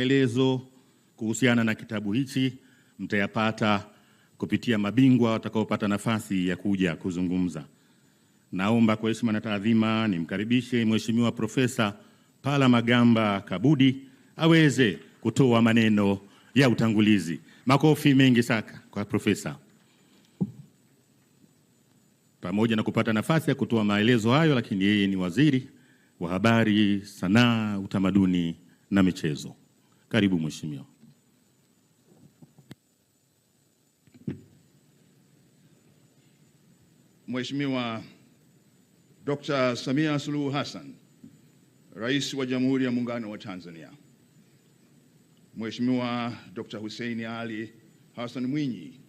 Maelezo kuhusiana na kitabu hichi mtayapata kupitia mabingwa watakaopata nafasi ya kuja kuzungumza. Naomba kwa heshima na taadhima nimkaribishe Mheshimiwa Profesa Palamagamba Kabudi aweze kutoa maneno ya utangulizi. Makofi mengi saka kwa profesa. Pamoja na kupata nafasi ya kutoa maelezo hayo, lakini yeye ni waziri wa habari, sanaa, utamaduni na michezo. Karibu mheshimiwa. Mheshimiwa Dr. Samia Suluhu Hassan, Rais wa Jamhuri ya Muungano wa Tanzania. Mheshimiwa Dr. Hussein Ali Hassan Mwinyi,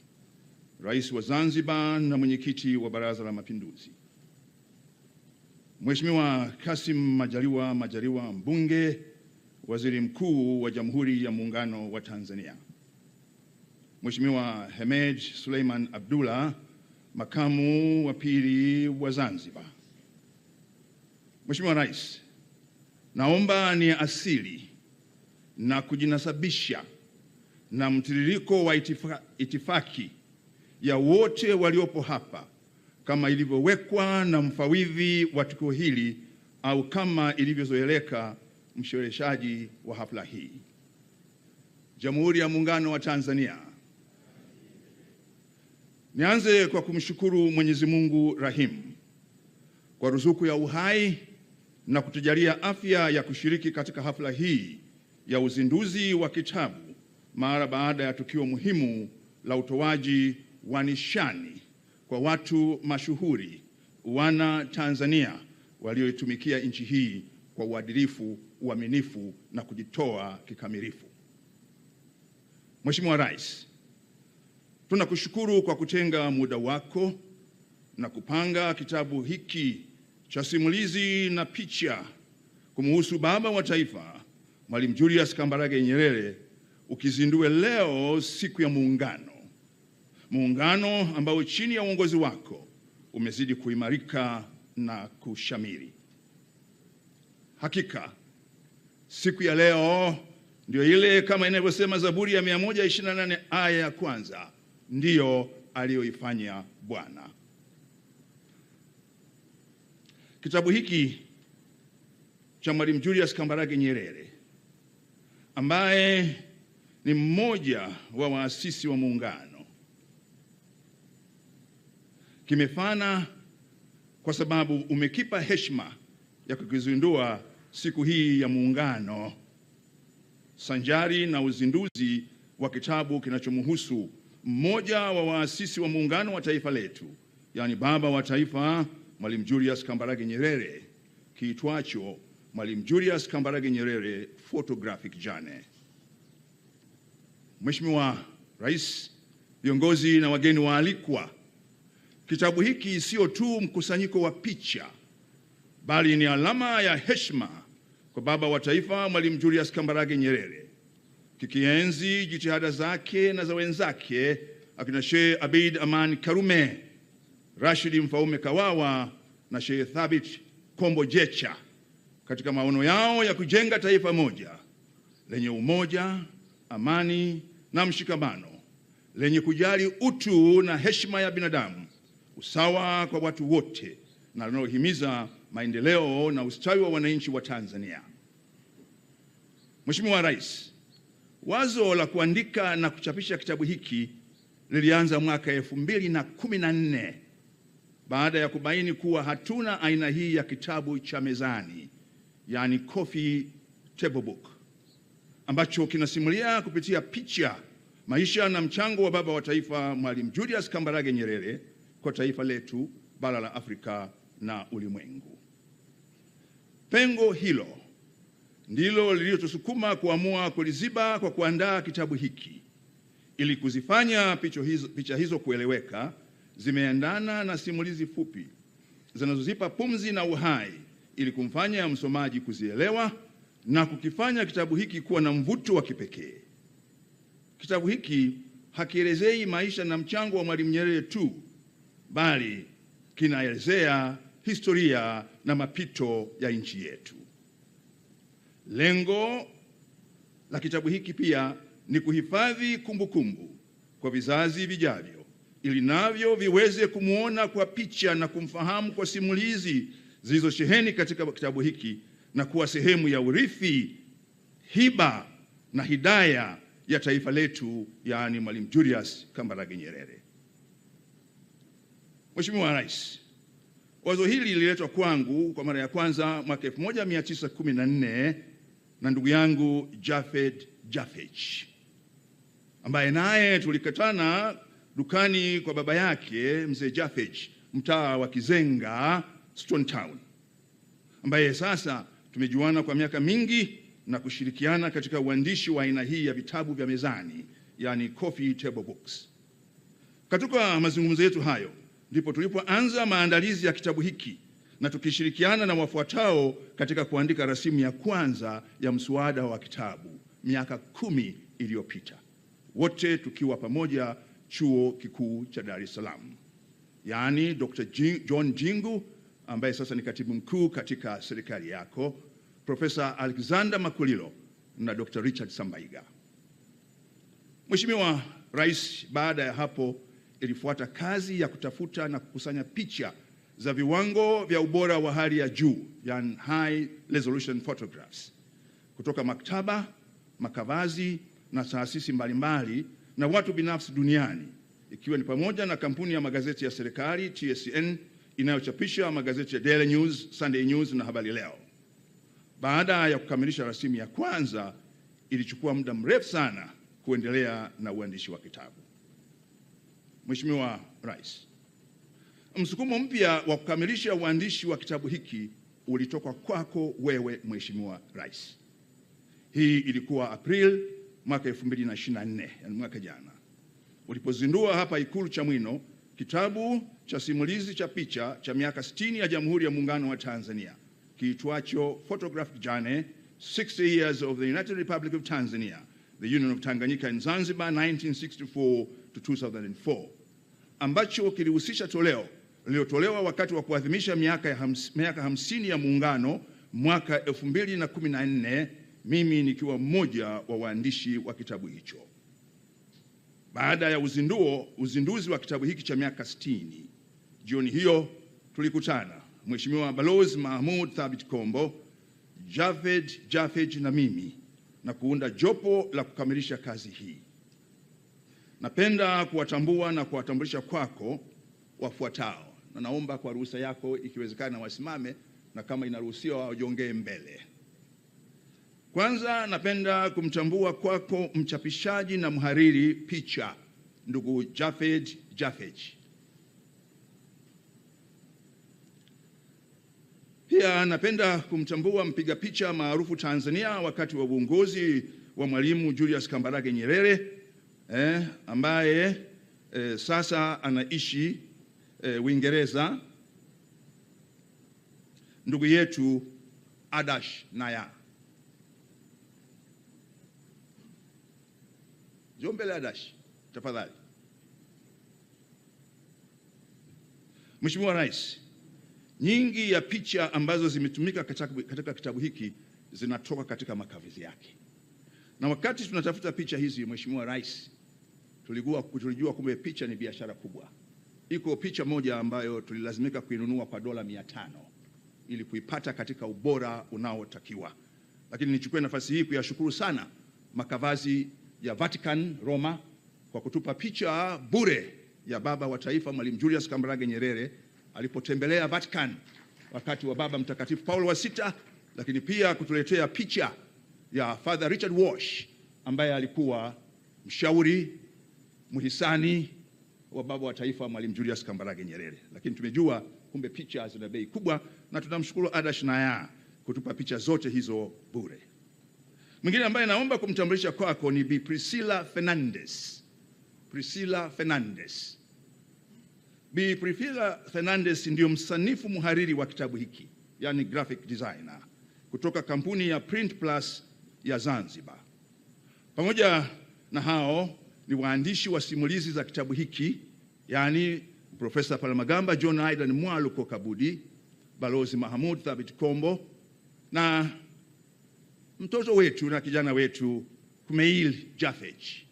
Rais wa Zanzibar na mwenyekiti wa Baraza la Mapinduzi. Mheshimiwa Kasim Majaliwa Majaliwa, mbunge Waziri Mkuu wa Jamhuri ya Muungano wa Tanzania, Mheshimiwa Hemed Suleiman Abdullah, makamu wa pili wa Zanzibar. Mheshimiwa Rais, naomba ni asili na kujinasabisha na mtiririko wa itifa, itifaki ya wote waliopo hapa kama ilivyowekwa na mfawidhi wa tukio hili au kama ilivyozoeleka mshereheshaji wa hafla hii, Jamhuri ya Muungano wa Tanzania. Nianze kwa kumshukuru Mwenyezi Mungu rahimu kwa ruzuku ya uhai na kutujalia afya ya kushiriki katika hafla hii ya uzinduzi wa kitabu mara baada ya tukio muhimu la utoaji wa nishani kwa watu mashuhuri wana Tanzania walioitumikia nchi hii kwa uadilifu, uaminifu na kujitoa kikamilifu. Mheshimiwa Rais, tunakushukuru kwa kutenga muda wako na kupanga kitabu hiki cha simulizi na picha kumuhusu baba wa taifa Mwalimu Julius Kambarage Nyerere ukizindue leo siku ya Muungano, muungano ambao chini ya uongozi wako umezidi kuimarika na kushamiri. Hakika siku ya leo ndio ile kama inavyosema Zaburi ya 128 aya ya kwanza, ndiyo aliyoifanya Bwana. Kitabu hiki cha Mwalimu Julius Kambarage Nyerere ambaye ni mmoja wa waasisi wa Muungano kimefana kwa sababu umekipa heshima ya kukizindua siku hii ya Muungano, sanjari na uzinduzi wa kitabu kinachomhusu mmoja wa waasisi wa muungano wa taifa letu, yaani baba wa taifa Mwalimu Julius Kambarage Nyerere, kiitwacho Mwalimu Julius Kambarage Nyerere Photographic Journey. Mheshimiwa Rais, viongozi na wageni waalikwa, kitabu hiki sio tu mkusanyiko wa picha, bali ni alama ya heshima kwa baba wa taifa Mwalimu Julius Kambarage Nyerere, kikienzi jitihada zake na za wenzake akina Sheikh Abid Aman Karume, Rashidi Mfaume Kawawa na Sheikh Thabit Kombo Jecha katika maono yao ya kujenga taifa moja lenye umoja, amani na mshikamano, lenye kujali utu na heshima ya binadamu, usawa kwa watu wote na linalohimiza maendeleo na ustawi wa wananchi wa Tanzania. Mheshimiwa Rais, wazo la kuandika na kuchapisha kitabu hiki lilianza mwaka elfu mbili na kumi na nne baada ya kubaini kuwa hatuna aina hii ya kitabu cha mezani, yani coffee table book, ambacho kinasimulia kupitia picha maisha na mchango wa baba wa taifa Mwalimu Julius Kambarage Nyerere kwa taifa letu, bara la Afrika na ulimwengu. Pengo hilo ndilo lililotusukuma kuamua kuliziba kwa kuandaa kitabu hiki ili kuzifanya picho hizo, picha hizo kueleweka, zimeendana na simulizi fupi zinazozipa pumzi na uhai ili kumfanya msomaji kuzielewa na kukifanya kitabu hiki kuwa na mvuto wa kipekee. Kitabu hiki hakielezei maisha na mchango wa Mwalimu Nyerere tu, bali kinaelezea historia na mapito ya nchi yetu. Lengo la kitabu hiki pia ni kuhifadhi kumbukumbu kwa vizazi vijavyo, ili navyo viweze kumwona kwa picha na kumfahamu kwa simulizi zilizosheheni katika kitabu hiki na kuwa sehemu ya urithi, hiba na hidaya ya taifa letu, yaani Mwalimu Julius Kambarage Nyerere. Mheshimiwa Rais Wazo hili lililetwa kwangu kwa mara ya kwanza mwaka 1914 na ndugu yangu Jafed Jafech ambaye naye tulikutana dukani kwa baba yake mzee Jafech mtaa wa Kizenga Stone Town, ambaye sasa tumejuana kwa miaka mingi na kushirikiana katika uandishi wa aina hii ya vitabu vya mezani, yani coffee table books. Katika mazungumzo yetu hayo ndipo tulipoanza maandalizi ya kitabu hiki na tukishirikiana na wafuatao katika kuandika rasimu ya kwanza ya mswada wa kitabu miaka kumi iliyopita, wote tukiwa pamoja Chuo Kikuu cha Dar es Salaam, yaani Dr. John Jingu ambaye sasa ni katibu mkuu katika serikali yako, Profesa Alexander Makulilo na Dr. Richard Sambaiga. Mheshimiwa Rais baada ya hapo ilifuata kazi ya kutafuta na kukusanya picha za viwango vya ubora wa hali ya juu, yani high resolution photographs, kutoka maktaba, makavazi na taasisi mbalimbali na watu binafsi duniani, ikiwa ni pamoja na kampuni ya magazeti ya serikali TSN inayochapisha magazeti ya Daily News, Sunday News na Habari Leo. Baada ya kukamilisha rasimu ya kwanza, ilichukua muda mrefu sana kuendelea na uandishi wa kitabu. Mheshimiwa Rais, msukumo mpya wa kukamilisha uandishi wa kitabu hiki ulitoka kwako wewe Mheshimiwa Rais. Hii ilikuwa Aprili mwaka 2024, yani mwaka jana, ulipozindua hapa Ikulu Chamwino kitabu cha simulizi cha picha cha miaka 60 ya Jamhuri ya Muungano wa Tanzania kiitwacho Photograph Journey 60 Years of the United Republic of Tanzania the Union of Tanganyika and Zanzibar 1964 to 2004, ambacho kilihusisha toleo lililotolewa wakati wa kuadhimisha miaka ya hams, miaka hamsini ya muungano mwaka 2014, mimi nikiwa mmoja wa waandishi wa kitabu hicho. Baada ya uzinduo, uzinduzi wa kitabu hiki cha miaka 60, jioni hiyo tulikutana Mheshimiwa Balozi Mahmud Thabit Kombo, Javed Jafej na mimi na kuunda jopo la kukamilisha kazi hii. Napenda kuwatambua na kuwatambulisha kwako wafuatao, na naomba kwa ruhusa yako, ikiwezekana, wasimame na kama inaruhusiwa wajongee mbele. Kwanza napenda kumtambua kwako mchapishaji na mhariri picha ndugu Jafed Jafeji. Pia napenda kumtambua mpiga picha maarufu Tanzania wakati wa uongozi wa Mwalimu Julius Kambarage Nyerere eh, ambaye eh, sasa anaishi eh, Uingereza, ndugu yetu Adash Naya. Njoo Adash tafadhali. Mheshimiwa Rais Nyingi ya picha ambazo zimetumika katika kitabu hiki zinatoka katika makavizi yake, na wakati tunatafuta picha hizi, Mheshimiwa Rais, tulijua, tulijua kumbe picha ni biashara kubwa. Iko picha moja ambayo tulilazimika kuinunua kwa dola mia tano ili kuipata katika ubora unaotakiwa, lakini nichukue nafasi hii kuyashukuru sana makavazi ya Vatican Roma kwa kutupa picha bure ya baba wa taifa Mwalimu Julius Kambarage Nyerere alipotembelea Vatican wakati wa Baba Mtakatifu Paulo wa Sita, lakini pia kutuletea picha ya Father Richard Walsh ambaye alikuwa mshauri mhisani wa baba wa taifa Mwalimu Julius Kambarage Nyerere. Lakini tumejua kumbe picha zina bei kubwa, na tunamshukuru Ada Shynaya kutupa picha zote hizo bure. Mwingine ambaye naomba kumtambulisha kwako ni Bi Priscilla Fernandez. Priscilla Fernandez Bi Priscilla Fernandez ndio msanifu mhariri wa kitabu hiki, yani graphic designer kutoka kampuni ya Print Plus ya Zanzibar. Pamoja na hao ni waandishi wa simulizi za kitabu hiki, yani Profesa Palamagamba John Aidan Mwaluko Kabudi, Balozi Mahamud Thabit Kombo na mtoto wetu na kijana wetu Kumeil Jafeji.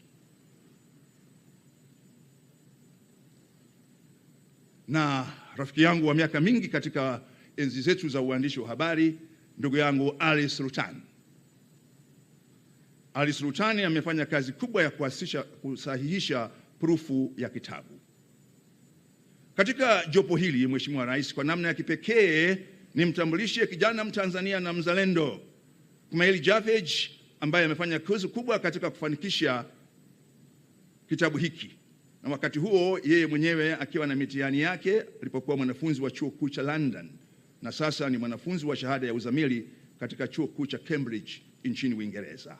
na rafiki yangu wa miaka mingi katika enzi zetu za uandishi wa habari, ndugu yangu Ali Sultani. Ali Sultani amefanya kazi kubwa ya kuasisha, kusahihisha prufu ya kitabu katika jopo hili. Mheshimiwa Rais, kwa namna ya kipekee nimtambulishe kijana Mtanzania na mzalendo Kumail Javej ambaye amefanya kazi kubwa katika kufanikisha kitabu hiki na wakati huo yeye mwenyewe akiwa na mitihani yake alipokuwa mwanafunzi wa chuo kikuu cha London na sasa ni mwanafunzi wa shahada ya uzamili katika chuo kikuu cha Cambridge nchini Uingereza.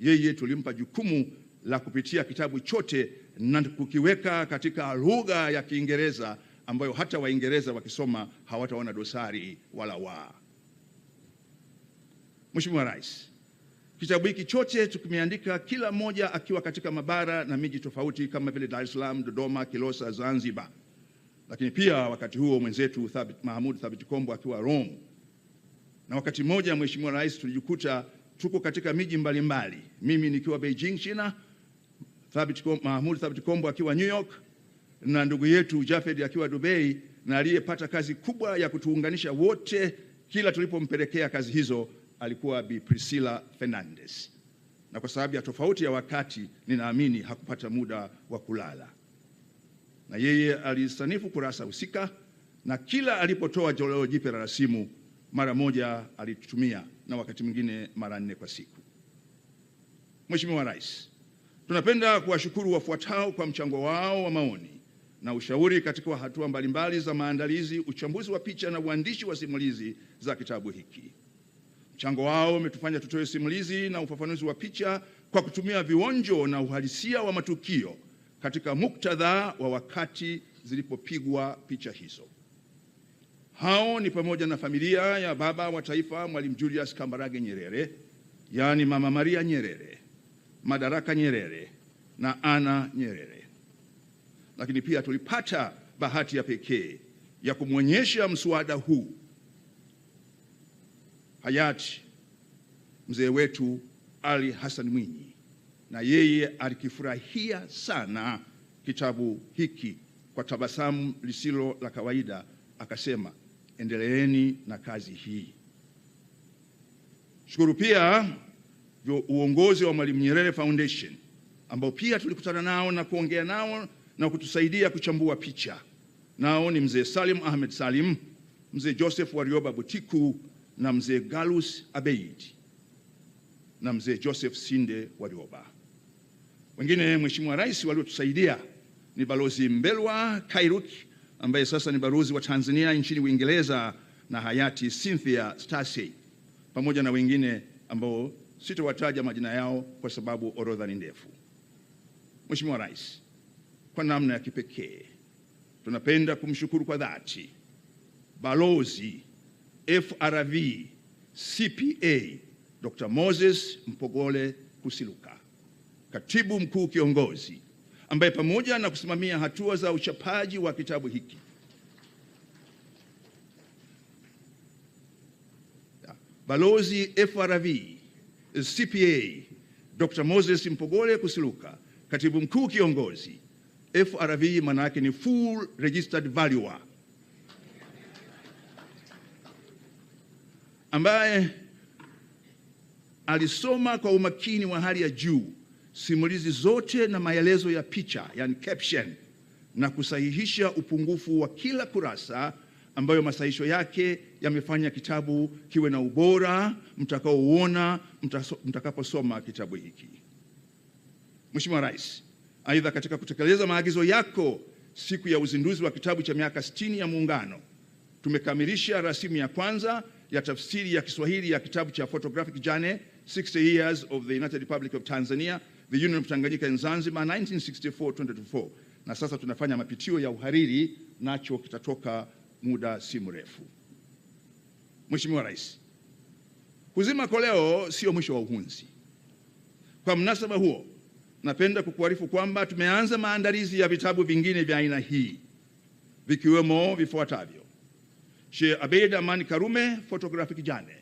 Yeye tulimpa jukumu la kupitia kitabu chote na kukiweka katika lugha ya Kiingereza ambayo hata Waingereza wakisoma hawataona dosari wala waa. Mheshimiwa Rais, Kitabu hiki chote tukimeandika kila mmoja akiwa katika mabara na miji tofauti kama vile Dar es Salaam, Dodoma, Kilosa, Zanzibar, lakini pia wakati huo mwenzetu Thabit, Mahmud Thabit Kombo akiwa Rome. Na wakati mmoja, Mheshimiwa Rais, tulijikuta tuko katika miji mbalimbali mbali. Mimi nikiwa Beijing, China, Thabit Kombo, Mahmud Thabit Kombo akiwa New York na ndugu yetu Jafed akiwa Dubai na aliyepata kazi kubwa ya kutuunganisha wote kila tulipompelekea kazi hizo alikuwa Bi Priscilla Fernandez, na kwa sababu ya tofauti ya wakati ninaamini hakupata muda wa kulala, na yeye alisanifu kurasa husika, na kila alipotoa joleo jipya la rasimu mara moja alitumia, na wakati mwingine mara nne kwa siku. Mheshimiwa Rais, tunapenda kuwashukuru wafuatao kwa mchango wao wa maoni na ushauri katika hatua mbalimbali za maandalizi, uchambuzi wa picha na uandishi wa simulizi za kitabu hiki. Mchango wao umetufanya tutoe simulizi na ufafanuzi wa picha kwa kutumia vionjo na uhalisia wa matukio katika muktadha wa wakati zilipopigwa picha hizo. Hao ni pamoja na familia ya baba wa taifa Mwalimu Julius Kambarage Nyerere, yaani Mama Maria Nyerere, Madaraka Nyerere na Ana Nyerere. Lakini pia tulipata bahati ya pekee ya kumwonyesha mswada huu hayati mzee wetu Ali Hassan Mwinyi, na yeye alikifurahia sana kitabu hiki kwa tabasamu lisilo la kawaida, akasema endeleeni na kazi hii. Shukuru pia uongozi wa Mwalimu Nyerere Foundation ambao pia tulikutana nao na kuongea nao na kutusaidia kuchambua picha, nao ni mzee Salim Ahmed Salim, mzee Joseph Warioba Butiku na mzee Galus Abeid na mzee Joseph Sinde Warioba. Wengine Mheshimiwa Rais, waliotusaidia ni Balozi Mbelwa kairuk ambaye sasa ni balozi wa Tanzania nchini Uingereza na hayati Cynthia Stasi pamoja na wengine ambao sitowataja majina yao kwa sababu orodha ni ndefu. Mheshimiwa Rais, kwa namna ya kipekee tunapenda kumshukuru kwa dhati balozi FRV, CPA, Dr. Moses Mpogole Kusiluka, katibu mkuu kiongozi, ambaye pamoja na kusimamia hatua za uchapaji wa kitabu hiki Balozi FRV CPA Dr. Moses Mpogole Kusiluka, katibu mkuu kiongozi FRV, manake ni full registered valuer. ambaye alisoma kwa umakini wa hali ya juu simulizi zote na maelezo ya picha, yani caption, na kusahihisha upungufu wa kila kurasa ambayo masahisho yake yamefanya kitabu kiwe na ubora mtakaouona mtakaposoma kitabu hiki. Mheshimiwa Rais, aidha, katika kutekeleza maagizo yako siku ya uzinduzi wa kitabu cha miaka 60 ya Muungano, tumekamilisha rasimu ya kwanza ya tafsiri ya Kiswahili ya kitabu cha Photographic Journey 60 Years of the United Republic of Tanzania, the Union of Tanganyika and Zanzibar 1964-2024, na sasa tunafanya mapitio ya uhariri, nacho kitatoka muda si mrefu. Mheshimiwa Rais, kuzima koleo sio mwisho wa uhunzi. Kwa mnasaba huo, napenda kukuarifu kwamba tumeanza maandalizi ya vitabu vingine vya aina hii vikiwemo vifuatavyo: Sheikh Abeid Amani Karume, photographic journey.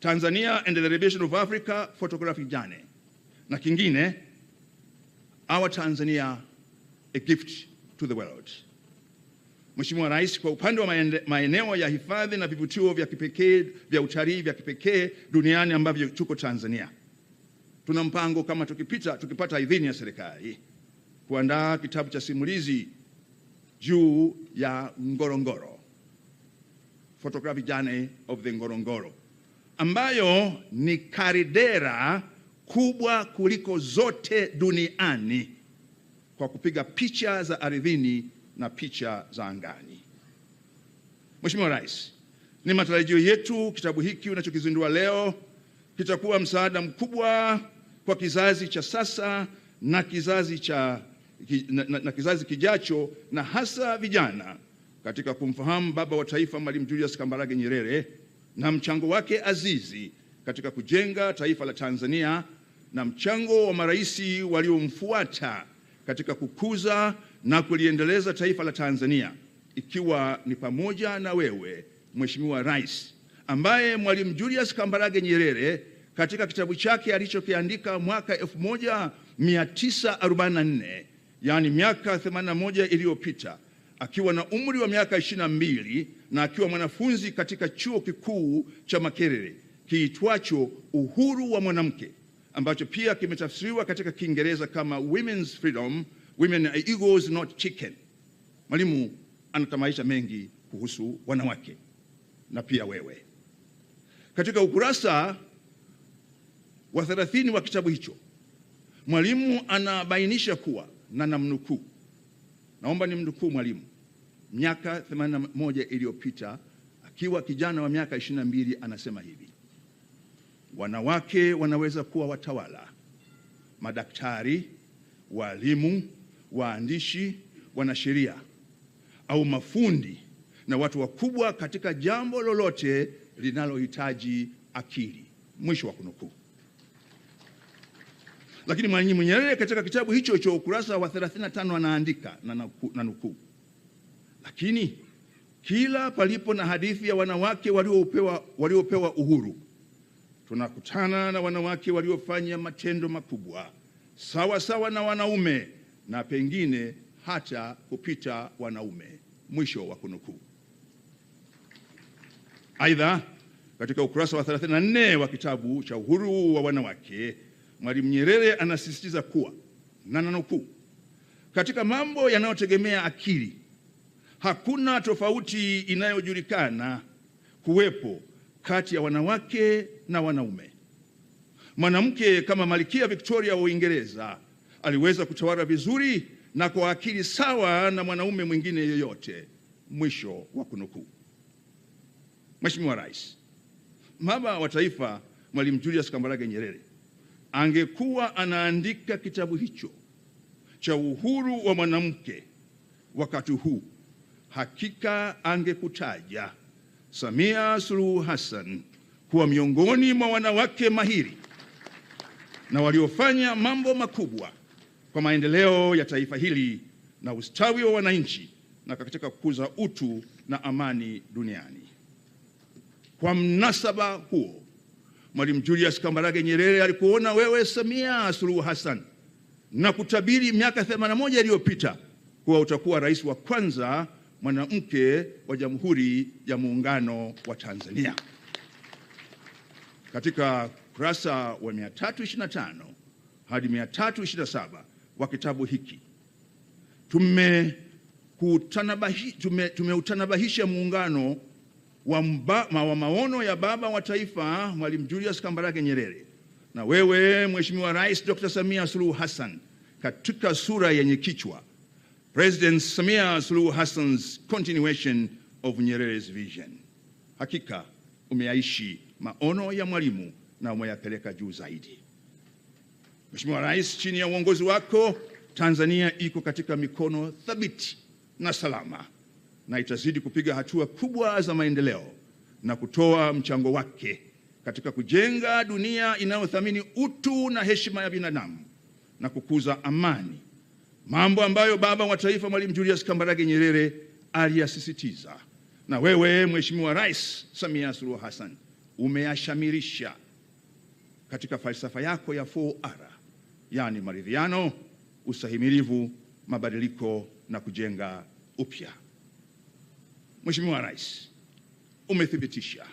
Tanzania and the Liberation of Africa, photographic journey. Na kingine, Our Tanzania, a gift to the world. Mheshimiwa Rais, kwa upande wa maeneo ya hifadhi na vivutio vya kipekee vya utalii vya kipekee duniani ambavyo tuko Tanzania, tuna mpango kama tukipita, tukipata idhini ya serikali kuandaa kitabu cha simulizi juu ya Ngorongoro Photography Journey of the Ngorongoro ambayo ni karidera kubwa kuliko zote duniani kwa kupiga picha za ardhini na picha za angani. Mheshimiwa Rais, ni matarajio yetu kitabu hiki unachokizindua leo kitakuwa msaada mkubwa kwa kizazi cha sasa na kizazi cha na, na, na kizazi kijacho na hasa vijana katika kumfahamu baba wa taifa Mwalimu Julius Kambarage Nyerere na mchango wake azizi katika kujenga taifa la Tanzania na mchango wa marais waliomfuata katika kukuza na kuliendeleza taifa la Tanzania, ikiwa ni pamoja na wewe Mheshimiwa Rais, ambaye Mwalimu Julius Kambarage Nyerere katika kitabu chake alichokiandika mwaka 1944 yaani miaka 81 iliyopita akiwa na umri wa miaka ishirini na mbili na akiwa mwanafunzi katika chuo kikuu cha Makerere kiitwacho Uhuru wa Mwanamke ambacho pia kimetafsiriwa katika Kiingereza kama women's freedom, women are eagles not chicken. Mwalimu anatamaisha mengi kuhusu wanawake na pia wewe. Katika ukurasa wa 30 wa kitabu hicho mwalimu anabainisha kuwa na namnukuu, naomba ni mnukuu mwalimu, miaka 81 iliyopita akiwa kijana wa miaka 22, anasema hivi: wanawake wanaweza kuwa watawala, madaktari, walimu, waandishi, wanasheria au mafundi na watu wakubwa katika jambo lolote linalohitaji akili. Mwisho wa kunukuu. Lakini Mwalimu Nyerere katika kitabu hicho cha ukurasa wa 35 anaandika na nukuu lakini kila palipo na hadithi ya wanawake waliopewa waliopewa uhuru, tunakutana na wanawake waliofanya matendo makubwa sawa sawa na wanaume na pengine hata kupita wanaume. Mwisho wa kunukuu. Aidha, katika ukurasa wa 34 wa kitabu cha Uhuru wa Wanawake, Mwalimu Nyerere anasisitiza kuwa na nanukuu, katika mambo yanayotegemea akili Hakuna tofauti inayojulikana kuwepo kati ya wanawake na wanaume. Mwanamke kama Malkia Victoria wa Uingereza aliweza kutawala vizuri na kwa akili sawa na mwanaume mwingine yoyote. Mwisho wa kunukuu. Mheshimiwa Rais, Baba wa Taifa Mwalimu Julius Kambarage Nyerere angekuwa anaandika kitabu hicho cha uhuru wa mwanamke wakati huu hakika angekutaja Samia Suluhu Hassan kuwa miongoni mwa wanawake mahiri na waliofanya mambo makubwa kwa maendeleo ya taifa hili na ustawi wa wananchi na katika kukuza utu na amani duniani. Kwa mnasaba huo, Mwalimu Julius Kambarage Nyerere alikuona wewe Samia Suluhu Hassan na kutabiri miaka 81 iliyopita kuwa utakuwa rais wa kwanza mwanamke wa Jamhuri ya Muungano wa Tanzania. Katika kurasa wa 325 hadi 327 wa kitabu hiki tume, tumeutanabahisha muungano wa, mba, wa maono ya baba wa taifa Mwalimu Julius Kambarage Nyerere na wewe Mheshimiwa Rais Dr. Samia Suluhu Hassan katika sura yenye kichwa President Samia Suluhu Hassan's continuation of Nyerere's vision. Hakika umeyaishi maono ya Mwalimu na umeyapeleka juu zaidi. Mheshimiwa Rais, chini ya uongozi wako Tanzania iko katika mikono thabiti na salama na itazidi kupiga hatua kubwa za maendeleo na kutoa mchango wake katika kujenga dunia inayothamini utu na heshima ya binadamu na kukuza amani, mambo ambayo baba wa taifa Mwalimu Julius Kambarage Nyerere aliyasisitiza na wewe Mheshimiwa Rais Samia Suluhu Hassan umeyashamirisha katika falsafa yako ya 4R, yaani maridhiano, usahimilivu mabadiliko na kujenga upya. Mheshimiwa Rais, umethibitisha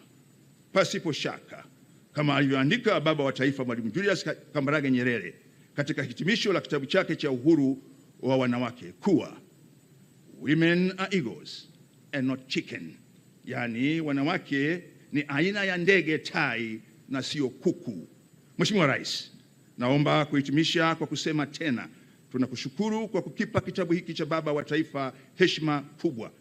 pasipo shaka kama alivyoandika baba wa taifa Mwalimu Julius Kambarage Nyerere katika hitimisho la kitabu chake cha Uhuru wa wanawake kuwa women are eagles and not chicken, yaani wanawake ni aina ya ndege tai na sio kuku. Mheshimiwa Rais, naomba kuhitimisha kwa kusema tena tunakushukuru kwa kukipa kitabu hiki cha Baba wa Taifa heshima kubwa,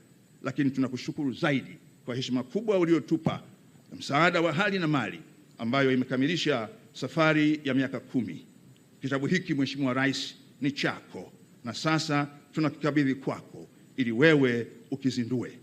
lakini tunakushukuru zaidi kwa heshima kubwa uliotupa na msaada wa hali na mali ambayo imekamilisha safari ya miaka kumi. Kitabu hiki Mheshimiwa Rais ni chako na sasa tunakikabidhi kwako ili wewe ukizindue